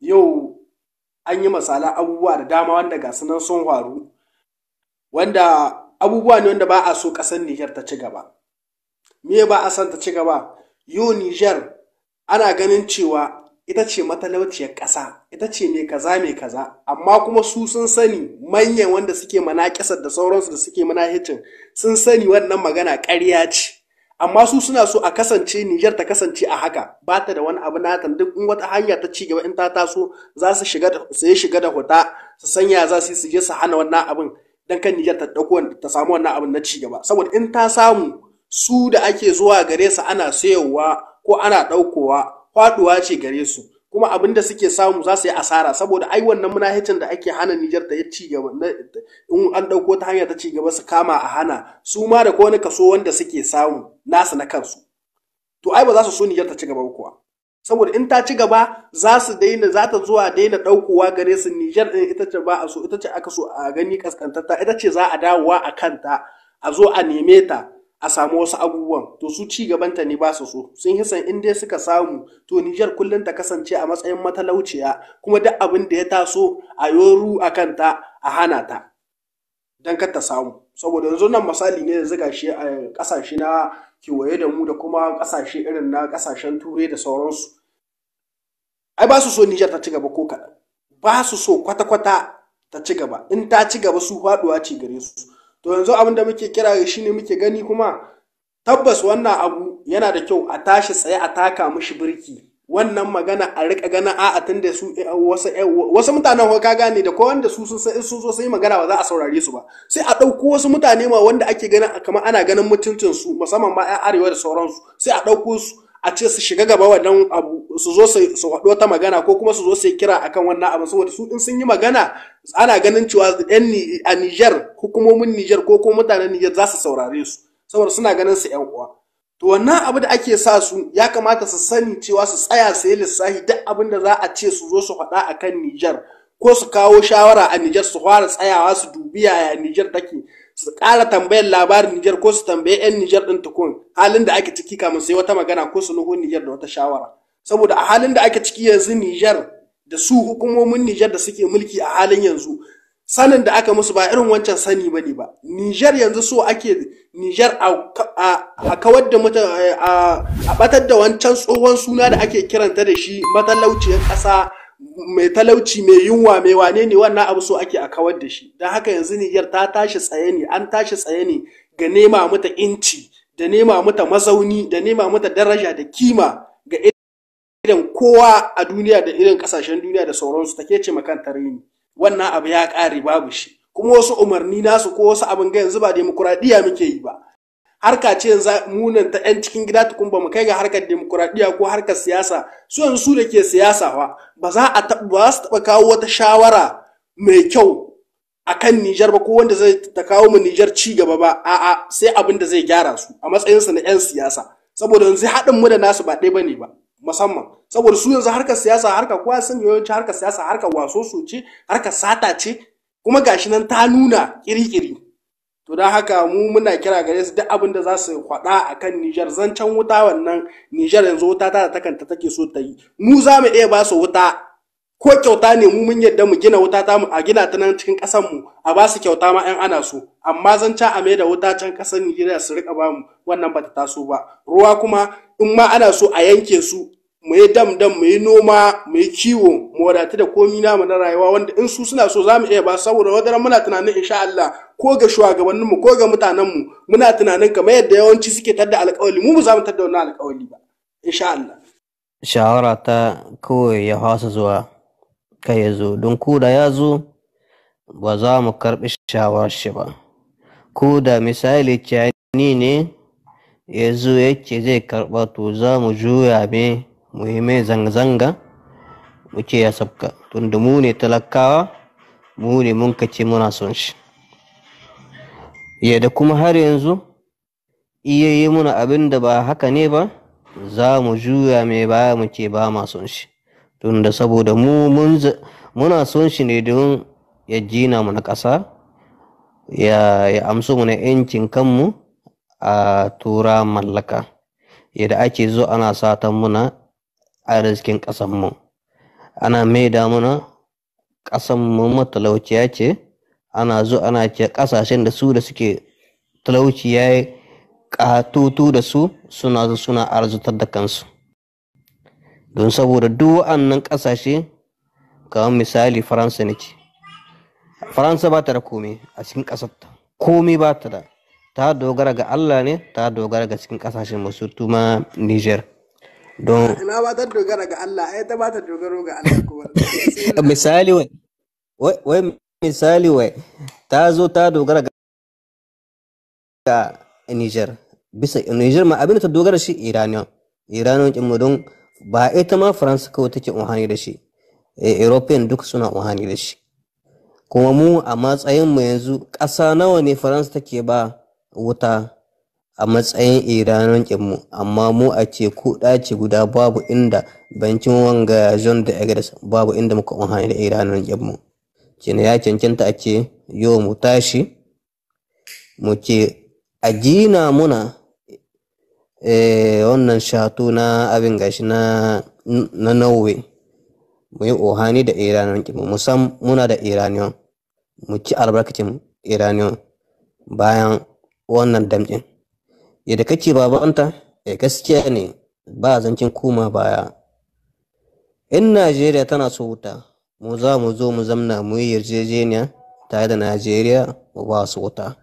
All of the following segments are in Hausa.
yau an yi misala abubuwa da dama wanda ga sunan sun faru wanda abubuwa ne wanda ba a so ƙasar Nijar ta ci gaba. Me ba a san ta ci gaba? Yo Nijar ana ganin cewa ita ce matalauciyar ƙasa, ita ce mai kaza mai kaza, amma kuma su sun sani manyan wanda suke mana da sauransu da suke mana sun sani wannan magana ƙarya ce. amma su suna so a kasance Nijar ta kasance a haka ba ta da wani abu nata duk in wata hanya ta ci gaba in ta taso za su shiga su yi shiga da huta su sanya za su je su hana wannan abin dan kan Nijar ta dauko ta samu wannan abin na ci gaba saboda in ta samu su da ake zuwa gare su ana sayowa ko ana daukowa faduwa ce gare su kuma abin da suke samu za su yi asara saboda ai wannan munahicin da ake hana Nijar da ya ci gaba in an ɗauko ta hanyar ta ci gaba su kama a hana su ma da wani kaso wanda suke samu nasu na kansu to ai ba za su so Nijar ta ci gaba kuwa saboda in ta ci gaba za su daina za ta zuwa daina ɗaukowa gare su Nijar ɗin ita ce ba a so ita ce aka so a gani kaskantarta ita ce za a dawowa a kanta a zo a neme ta a samu wasu abubuwan to su ci gabanta ne ba su so sun yi san inda suka samu to Nijar kullum ta kasance a matsayin matalauciya kuma duk abin da ya taso a yoru a kanta a hana ta don kar ta samu saboda yanzu nan misali ne da gashi shi eh, a kasashe na kewaye da mu da kuma kasashe irin na kasashen turai da sauransu ai ba su so Niger ta ci gaba ko kaɗan ba su so kwata-kwata ta ci gaba in ta ci gaba su faɗuwa ce gare su to yanzu abin da muke kira ga shine muke gani kuma tabbas wannan abu yana da kyau a tashi tsaye a taka mishi birki wannan magana a rika gana a tun da su eh, eh, wasu mutanen ko ka gane da ko su sun sai sun zo sai magana ba za a saurare su ba sai a ɗauko wasu mutane ma wanda ake ganin kamar ana ganin mutuncin su musamman ma 'yan arewa da sauransu sai a ɗauko su a ce su shiga gaba wannan abu su zo su haɗu ta magana ko kuma su zo su yi kira akan wannan abu saboda su in sun yi magana ana ganin cewa yan a nijar hukumomin nijar ko kuma mutanen nijar za su saurare su saboda suna ganin su yan uwa to wannan abu da ake sa su ya kamata su sani cewa su tsaya su yi lissafi duk abin da za a ce su zo su faɗa akan nijar ko su kawo shawara a nijar su fara tsayawa su dubi yaya nijar take su ƙara tambayar labarin Nijar ko su tambayi 'yan Nijar ɗin tukun halin da ake ciki kamun sai wata magana ko su nuhu Nijar da wata shawara. Saboda a halin da ake ciki yanzu Nijar da su hukumomin Nijar da suke mulki a halin yanzu sanin da aka musu ba irin wancan sani ba ne ba. Nijar yanzu so ake Nijar a kawar da mata a batar da wancan tsohon suna da ake kiranta da shi matalauciyar ƙasa mai talauci mai yunwa mai wane ne wannan abu so ake a kawar da shi don haka yanzu niyyar ta tashi tsaye ne an tashi tsaye ne ga nema mata inci da nema mata mazauni da nema mata daraja da kima ga irin kowa a duniya da irin kasashen duniya da sauransu take ce makan tarini wannan abu ya kare babu shi kuma wasu umarni nasu ko wasu abin ga yanzu ba demokuraɗiyya muke yi ba harka ce munan ta 'yan cikin gida tukun ba mu kai ga harkar demokuraɗiyya ko harkar siyasa su yanzu su da ke siyasa ba ba za a ba su taɓa kawo wata shawara mai kyau a kan Nijar ba ko wanda zai ta kawo mu Nijar ci gaba ba a'a sai abin da zai gyara su a matsayinsa na 'yan siyasa saboda yanzu haɗin mu da nasu ba ɗaya bane ba musamman saboda su yanzu harkar siyasa harkar kowa sun yawanci harkar siyasa harkar waso ce harkar sata ce kuma gashi nan ta nuna kiri-kiri to don haka mu muna kira gare su duk abin da za su kwada a kan Nijar zancen wuta wannan Nijar yanzu wuta ta ta takanta take so ta yi mu za mu iya ba su wuta ko kyauta ne mu mun yadda mu gina wuta ta mu a gina ta nan cikin ƙasar mu a ba su kyauta ma 'yan ana so amma zancen a mai da wuta can ƙasar Nijar su rika ba mu wannan bata taso ba ruwa kuma in ma ana so a yanke su mu yi dam dam mu yi noma mu yi kiwo mu wadatu da komi namu na rayuwa wanda in su suna so za mu iya ba saboda wadara muna tunanin insha Allah ko ga shugabannin mu ko ga mutanen mu muna tunanin kamar yadda yawanci suke tadda alƙawari mu mu za mu tadda wannan alƙawari ba insha Allah shawara ta kawai ya hasa zuwa kai ya zo don ku da ya zo ba za mu karɓi shawarar shi ba ko da misali cani ne ya zo yake zai karɓa to za mu juya mai mu mai zanga-zanga mu ya sabka tunda mu ne talakawa mu ne mun kace muna son shi yadda kuma har yanzu iya yi muna abin da ba haka ne ba za mu juya mai baya mu ce ba ma son shi tunda saboda mu muna son shi ne don ya jina mu na ƙasa ya amsu mu na 'yancin kanmu a tura mallaka yadda ake zo ana satan muna arzikin ƙasanmu ana mai mana ƙasanmu matalauciya ce ana zo ana ce ƙasashen da su da suke talauciya ya ƙatutu da su suna zo suna arzutar da kansu don saboda duk wa'annan ƙasashe kamar misali faransa ne ce faransa ba ta da komai a cikin ƙasarta komai ba ta da ta dogara ga allah ne ta dogara ga cikin ƙasashen masu tuma niger don ina ba ta dogara ga Allah ai ta ba ta dogaro ga Allah ko misali wai wai misali wai ta zo ta dogara ga Niger bisa Niger ma abin ta dogara shi Iranian Iranian kin mudun ba ita ma France kawai take uhani da shi eh, European duk suna uhani da shi kuma mu a matsayin mu yanzu ƙasa nawa ne France take ba wuta a matsayin iranon kinmu amma mu a ce ku ɗaci guda babu inda bankin wanga John da egres babu inda muka unhani da Iraniyan ƙinmu. Cina ya cancanta a ce yau mu tashi mu ce a gina muna eh, wannan shato na abin gashi na nauwe. mu yi ohani da iranon kinmu musam muna da Iraniyan mu ci albarkacin Iraniyan bayan wannan damƙin. yadda kake babanta ya eh, gaskiya ne ba zancen koma baya in najeriya tana so wuta mu za mu zo mu zamna mu yi yarjejeniya tare da najeriya mu ba su wuta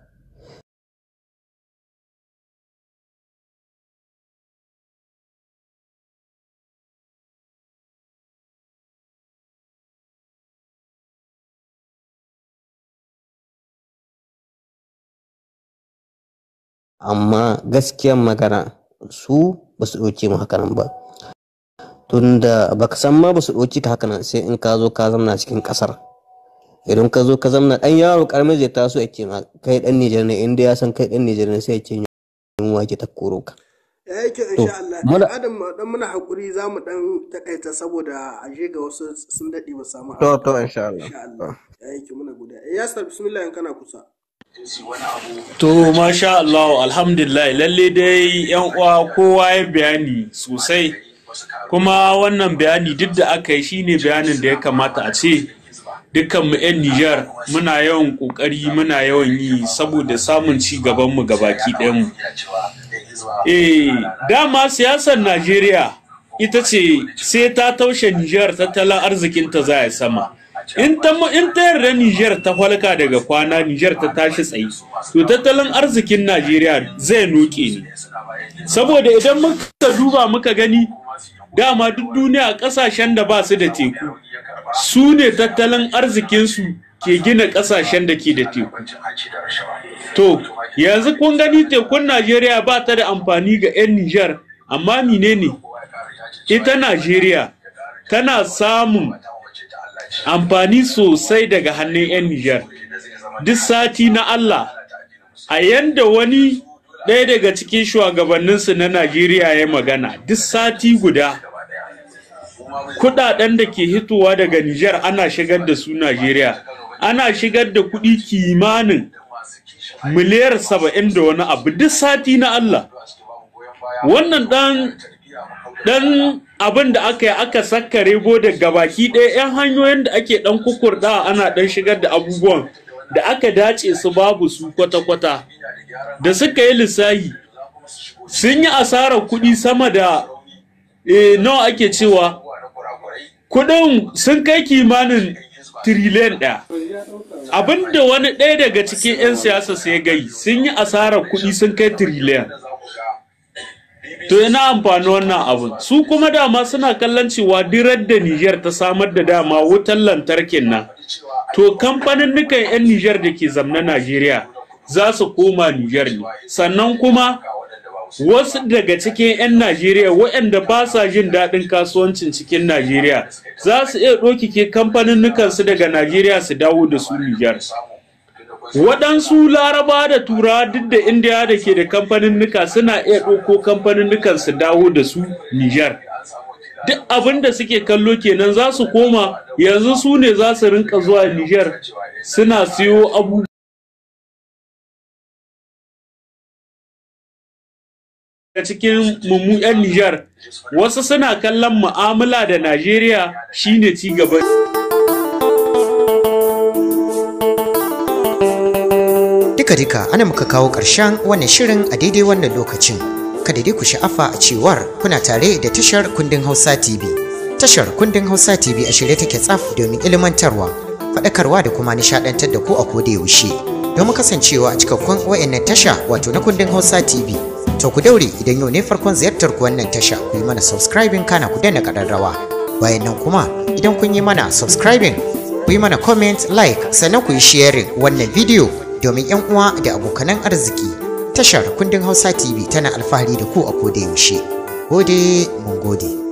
amma gaskiyan magana su ba su ɗauke mu hakanan ba tunda ka san ma ba su ɗauke ka hakanan sai in ka zo ka zamna cikin ƙasar idan ka zo ka zamna ɗan yaro ƙaramin zai taso ya ce ma kai ɗan Nijar ne inda ya san kai ɗan Nijar ne sai ya ce yunwa ke ta koro ka. yake insha Allah adam dan muna hakuri za mu dan takaita saboda aje ga wasu sun dade ba samu to to insha Allah insha Allah yake muna guda eh, yasir bismillah in kana kusa To masha Allah alhamdulillah lalle dai yan uwa kowa ya bayani sosai kuma wannan bayani duk da aka yi shine bayanin da ya kamata a ce dukkan mu yan Nijar muna yawan kokari muna yawan yi saboda samun ci gaban mu gabaki ɗayan mu. Eh dama siyasar Najeriya ita ce sai ta taushe Nijar tattalin arzikinta za ya sama. in ta yarda Nijar ta falka daga kwana Nijar ta tashi tsaye to tattalin arzikin Najeriya zai nuke ni. saboda idan muka duba muka gani dama duk duniya kasashen da ba su da teku su ne tattalin arzikinsu ke gina kasashen da ke da teku to yanzu kun gani tekun najeriya ba ta da amfani ga 'yan nijar amma mine ne ita najeriya tana samun amfani sosai daga hannun 'yan Nijar. Duk sati na Allah, a yanda wani ɗaya daga cikin shugabanninsu na Najeriya ya magana, duk sati guda, kuɗaɗen da ke hitowa daga Nijar ana shigar da su Najeriya, ana shigar da kuɗi kimanin miliyar saba'in da wani abu duk sati na Allah. Wannan ɗan Ɗan abin da aka yi aka saka rebo daga baki ɗaya 'yan hanyoyin da ake ɗan kukurda ana ɗan shigar da abubuwan da aka dace su babu su kwata-kwata da suka yi lissahi sun yi asarar kuɗi sama da e, nawa ake cewa kuɗin sun kai kimanin tiriliyan ɗaya abinda wani ɗaya daga cikin 'yan siyasa sai gai sun yi asarar kuɗi sun kai tiriliyan to yana amfani wannan abin? su kuma dama suna kallon cewa dirar da Nijar ta samar da dama wutar lantarkin nan to kamfanin nukan 'yan Nijar da ke zamna Najeriya za su koma Nijar ne sannan kuma wasu daga cikin 'yan Najeriya waɗanda ba sa jin daɗin kasuwancin cikin Najeriya za su iya ɗokike kamfanin nukansu daga Najeriya su dawo da su Nijar waɗansu laraba da tura duk da indiya da ke da kamfanin nuka suna iya ɗauko kamfanin nukan su dawo da su nijar duk abin da suke kallo kenan za su koma yanzu su ne za su rinka zuwa nijar suna siyo abubuwa cikin mummu 'yan Nijar wasu suna kallon mu'amala da Najeriya shine ci gaba. duka ana muka kawo ƙarshen wannan shirin a daidai wannan lokacin kada dai ku sha'afa a cewar kuna tare da tashar kundin hausa tv tashar kundin hausa tv a shirye take tsaf domin ilmantarwa faɗakarwa da kuma nishaɗantar da ku a koda yaushe domin kasancewa a cikakkun wa'annan tasha wato na kundin hausa tv to ku daure idan yau ne farkon ziyartar ku wannan tasha ku yi mana subscribing kana ku danna ƙararrawa bayan nan kuma idan kun yi mana subscribing ku yi mana comment like sannan ku yi sharing wannan bidiyo domin 'yan uwa da abokanan arziki tashar kundin hausa tv tana alfahari da ku a koda yaushe gode mun gode